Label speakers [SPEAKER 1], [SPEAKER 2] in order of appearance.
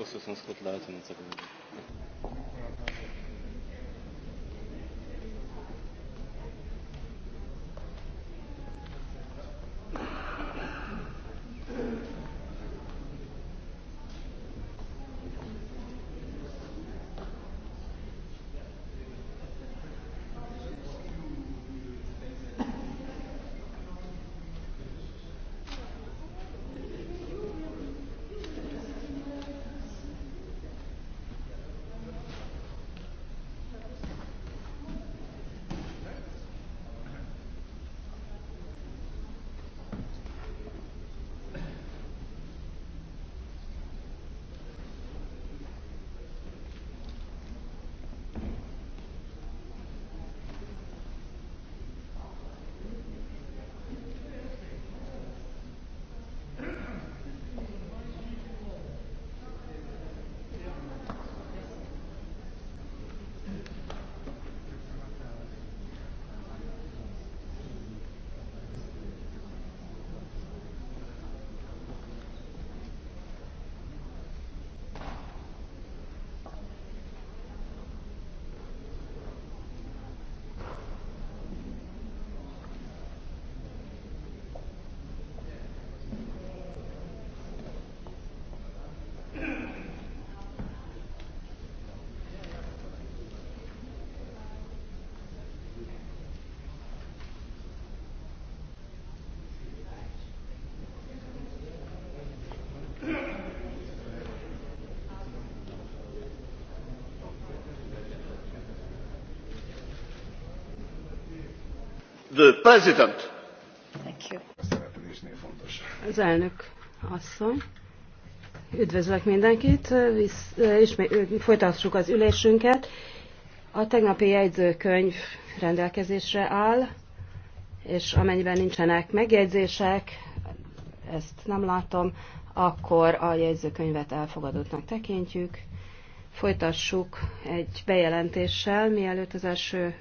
[SPEAKER 1] o să sunt
[SPEAKER 2] Az elnök asszony. Üdvözlök mindenkit, Visz, folytassuk az ülésünket. A tegnapi jegyzőkönyv rendelkezésre áll, és amennyiben nincsenek megjegyzések, ezt nem látom, akkor a jegyzőkönyvet elfogadottnak tekintjük. Folytassuk egy bejelentéssel, mielőtt az első